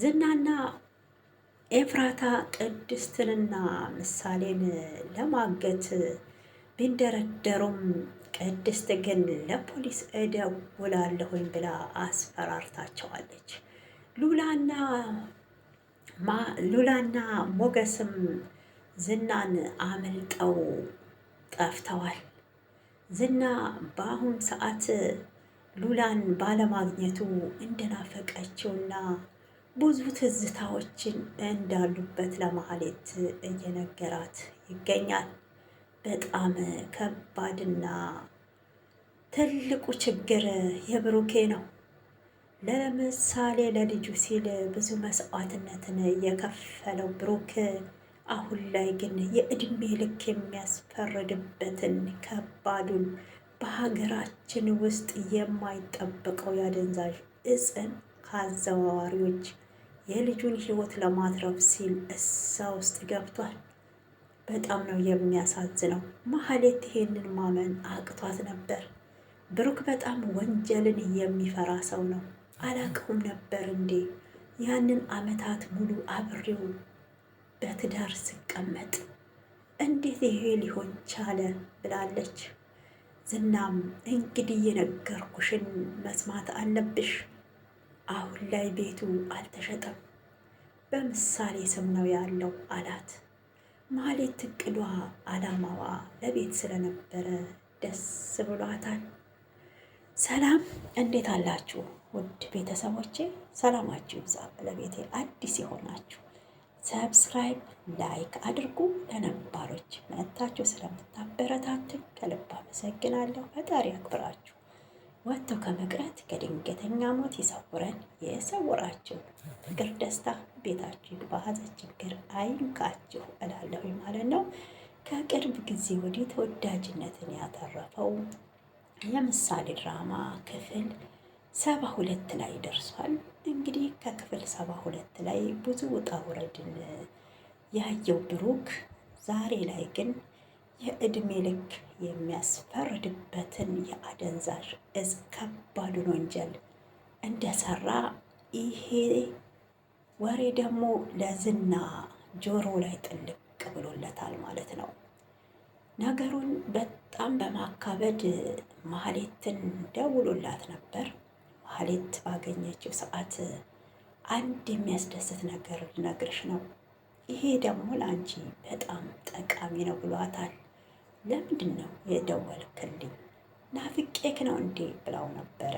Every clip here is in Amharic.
ዝናና ኤፍራታ ቅድስትንና ምሳሌን ለማገት ቢንደረደሩም ቅድስት ግን ለፖሊስ እደውላለሁኝ ብላ አስፈራርታቸዋለች። ሉላና ሉላና ሞገስም ዝናን አመልጠው ጠፍተዋል። ዝና በአሁን ሰዓት ሉላን ባለማግኘቱ እንደናፈቀችውና ብዙ ትዝታዎችን እንዳሉበት ለማህሌት እየነገራት ይገኛል። በጣም ከባድና ትልቁ ችግር የብሩኬ ነው። ለምሳሌ ለልጁ ሲል ብዙ መስዋዕትነትን የከፈለው ብሩክ አሁን ላይ ግን የእድሜ ልክ የሚያስፈርድበትን ከባዱን በሀገራችን ውስጥ የማይጠበቀው ያደንዛዥ እፅን ከአዘዋዋሪዎች የልጁን ህይወት ለማትረፍ ሲል እዛ ውስጥ ገብቷል። በጣም ነው የሚያሳዝነው። ማህሌት ይሄንን ማመን አቅቷት ነበር። ብሩክ በጣም ወንጀልን የሚፈራ ሰው ነው። አላቀውም ነበር እንዴ ያንን አመታት ሙሉ አብሬው በትዳር ስቀመጥ እንዴት ይሄ ሊሆን ቻለ ብላለች። ዝናም እንግዲህ የነገርኩሽን መስማት አለብሽ አሁን ላይ ቤቱ አልተሸጠም፣ በምሳሌ ስም ነው ያለው አላት። ማህሌት እቅዷ አላማዋ ለቤት ስለነበረ ደስ ብሏታል። ሰላም እንዴት አላችሁ ውድ ቤተሰቦቼ? ሰላማችሁ ይብዛ። ለቤቴ አዲስ የሆናችሁ ሰብስክራይብ፣ ላይክ አድርጉ። ለነባሮች መጥታችሁ ስለምታበረታትኝ ከልብ አመሰግናለሁ። ፈጣሪ አክብራችሁ። ወጥቶ ከመቅረት ከድንገተኛ ሞት ይሰውረን፣ የሰውራችሁ ፍቅር፣ ደስታ ቤታችሁ በሀዘን ችግር አይንካችሁ እላለሁ ማለት ነው። ከቅርብ ጊዜ ወዲህ ተወዳጅነትን ያተረፈው የምሳሌ ድራማ ክፍል ሰባ ሁለት ላይ ደርሷል። እንግዲህ ከክፍል ሰባ ሁለት ላይ ብዙ ውጣ ውረድን ያየው ብሩክ ዛሬ ላይ ግን የእድሜ ልክ የሚያስፈርድበትን የአደንዛዥ እጽ ከባዱን ወንጀል እንደሰራ ይሄ ወሬ ደግሞ ለዝና ጆሮ ላይ ጥልቅ ብሎለታል ማለት ነው። ነገሩን በጣም በማካበድ ማህሌትን ደውሎላት ነበር። ማህሌት ባገኘችው ሰዓት አንድ የሚያስደስት ነገር ልነግርሽ ነው፣ ይሄ ደግሞ ለአንቺ በጣም ጠቃሚ ነው ብሏታል። ለምንድን ነው የደወልክልኝ? ናፍቄክ ነው እንዴ ብላው ነበረ።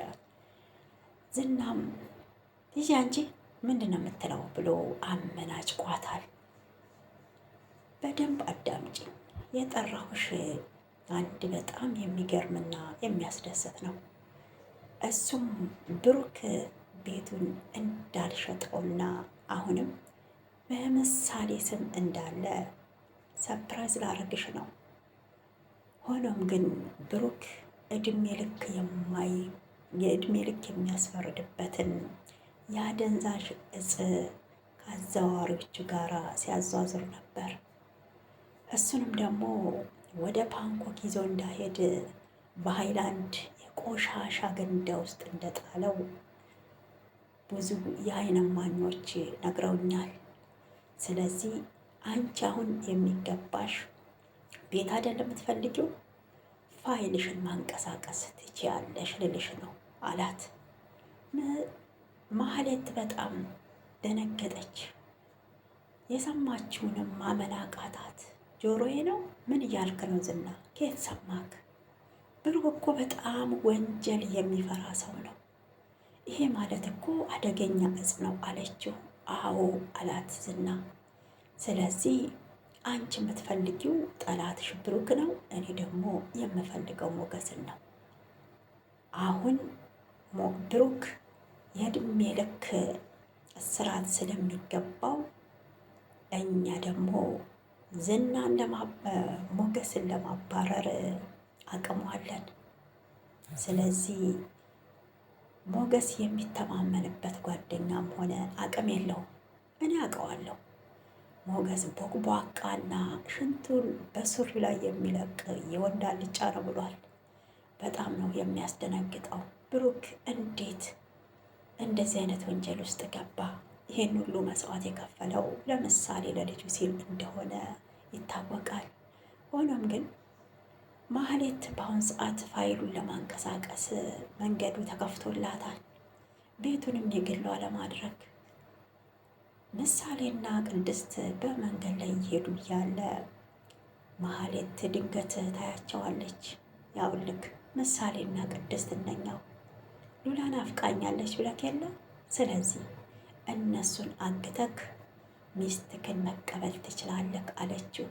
ዝናም ልጅ አንቺ ምንድን ነው የምትለው ብሎ አመናጭቋታል። በደንብ አዳምጪ፣ የጠራሁሽ አንድ በጣም የሚገርምና የሚያስደስት ነው። እሱም ብሩክ ቤቱን እንዳልሸጠውና አሁንም በምሳሌ ስም እንዳለ ሰፕራይዝ ላረግሽ ነው ሆኖም ግን ብሩክ እድሜ ልክ የማይ የእድሜ ልክ የሚያስፈርድበትን የአደንዛዥ እጽ ከአዘዋዋሪዎቹ ጋር ሲያዟዝር ነበር። እሱንም ደግሞ ወደ ፓንኮክ ይዞ እንዳሄድ በሃይላንድ የቆሻሻ ገንዳ ውስጥ እንደጣለው ብዙ የዓይን እማኞች ነግረውኛል። ስለዚህ አንቺ አሁን የሚገባሽ ቤት አይደለም የምትፈልጊው? ፋይልሽን ማንቀሳቀስ ትችያለሽ ልልሽ ነው አላት። ማህሌት በጣም ደነገጠች። የሰማችውንም ማመን አቃታት። ጆሮዬ ነው ምን እያልክ ነው ዝና? ከየት ሰማክ? ብሩክ እኮ በጣም ወንጀል የሚፈራ ሰው ነው። ይሄ ማለት እኮ አደገኛ እጽ ነው አለችው። አዎ አላት ዝና። ስለዚህ አንቺ የምትፈልጊው ጠላትሽ ብሩክ ነው። እኔ ደግሞ የምፈልገው ሞገስን ነው። አሁን ብሩክ የእድሜ ልክ እስራት ስለሚገባው እኛ ደግሞ ዝናን ሞገስን ለማባረር አቅመዋለን። ስለዚህ ሞገስ የሚተማመንበት ጓደኛም ሆነ አቅም የለውም። እኔ አውቀዋለሁ። ሞገስ ቦቅቧቃና ሽንቱን በሱሪ ላይ የሚለቅ የወንድ አልጫ ነው ብሏል። በጣም ነው የሚያስደነግጠው። ብሩክ እንዴት እንደዚህ አይነት ወንጀል ውስጥ ገባ? ይህን ሁሉ መስዋዕት የከፈለው ለምሳሌ ለልጁ ሲል እንደሆነ ይታወቃል። ሆኖም ግን ማህሌት በአሁን ሰዓት ፋይሉን ለማንቀሳቀስ መንገዱ ተከፍቶላታል። ቤቱንም የግሏ ለማድረግ ምሳሌና ቅድስት በመንገድ ላይ እየሄዱ እያለ ማህሌት ድንገት ታያቸዋለች። ያው ልክ ምሳሌና ቅድስት እነኛው ሉላን አፍቃኛለች ብለክ የለ ስለዚህ እነሱን አግተክ ሚስትክን መቀበል ትችላለህ አለችው።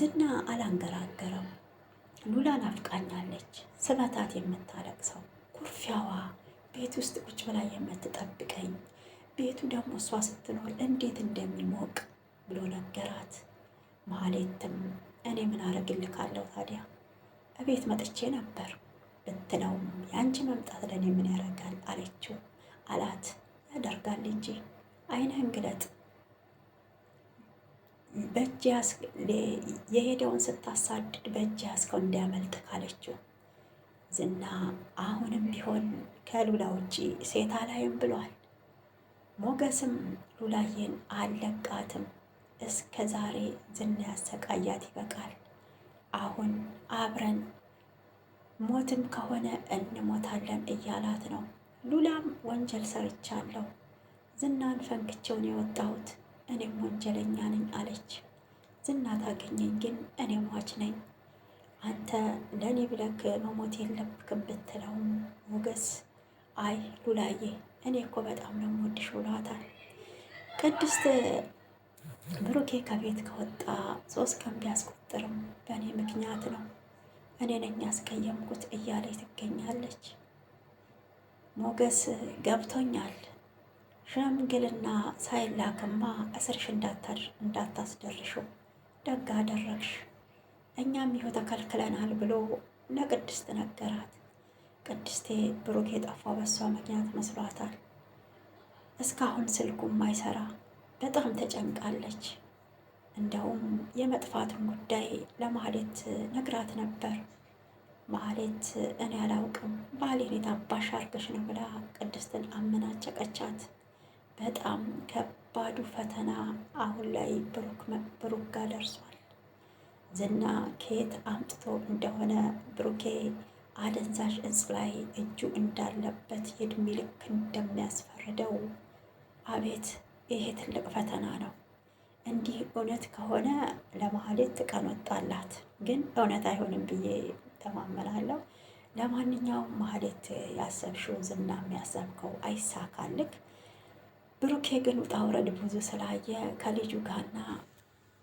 ዝና አላንገራገረው። ሉላን አፍቃኛለች የምታለቅ የምታለቅሰው ኩርፊያዋ ቤት ውስጥ ቁጭ ብላ የምትጠብቀኝ ቤቱ ደግሞ እሷ ስትኖር እንዴት እንደሚሞቅ ብሎ ነገራት። ማህሌትም እኔ ምን አረግልካለሁ ታዲያ እቤት መጥቼ ነበር ብትለውም የአንቺ መምጣት ለእኔ ምን ያደርጋል አለችው። አላት ያደርጋል እንጂ አይንህን ግለጥ በእጅ የሄደውን ስታሳድድ በእጅ ያስከው እንዲያመልጥ ካለችው ዝና አሁንም ቢሆን ከሉላ ውጪ ሴት አላይም ብሏል። ሞገስም ሉላዬን አለቃትም እስከ ዛሬ ዝና ያሰቃያት ይበቃል። አሁን አብረን ሞትም ከሆነ እንሞታለን እያላት ነው። ሉላም ወንጀል ሰርቻለሁ፣ ዝናን ፈንክቼውን የወጣሁት እኔም ወንጀለኛ ነኝ አለች። ዝና ታገኘኝ ግን እኔ ሟች ነኝ አንተ ለእኔ ብለክ መሞት የለብክም ብትለውም ሞገስ አይ ሉላዬ እኔ እኮ በጣም ነው የምወድሽ ብሏታል። ቅድስት ብሩኬ ከቤት ከወጣ ሶስት ቀን ቢያስቆጥርም በእኔ ምክንያት ነው እኔ ነኝ ያስቀየምኩት እያለ ትገኛለች። ሞገስ ገብቶኛል፣ ሽምግልና ሳይላክማ እስርሽ እንዳታስደርሽው ደግ አደረግሽ፣ እኛም ይሁ ተከልክለናል ብሎ ለቅድስት ነገራት። ቅድስቴ ብሩክ የጠፋው በሷ ምክንያት መስሏታል። እስካሁን ስልኩም ማይሰራ በጣም ተጨንቃለች። እንደውም የመጥፋትን ጉዳይ ለማህሌት ነግራት ነበር። ማህሌት እኔ አላውቅም ባሌን የታባሽ አርገሽ ነው ብላ ቅድስትን አመናጨቀቻት። በጣም ከባዱ ፈተና አሁን ላይ ብሩክ ጋር ደርሷል። ዝና ከየት አምጥቶ እንደሆነ ብሩኬ አደንዛዥ እጽ ላይ እጁ እንዳለበት የእድሜ ልክ እንደሚያስፈርደው አቤት ይሄ ትልቅ ፈተና ነው። እንዲህ እውነት ከሆነ ለማህሌት ቀን ወጣላት፣ ግን እውነት አይሆንም ብዬ ተማመናለሁ። ለማንኛውም ማህሌት ያሰብሽው ዝና የሚያሰብከው አይሳካልክ። ብሩኬ ግን ውጣ ውረድ ብዙ ስላየ ከልጁ ጋርና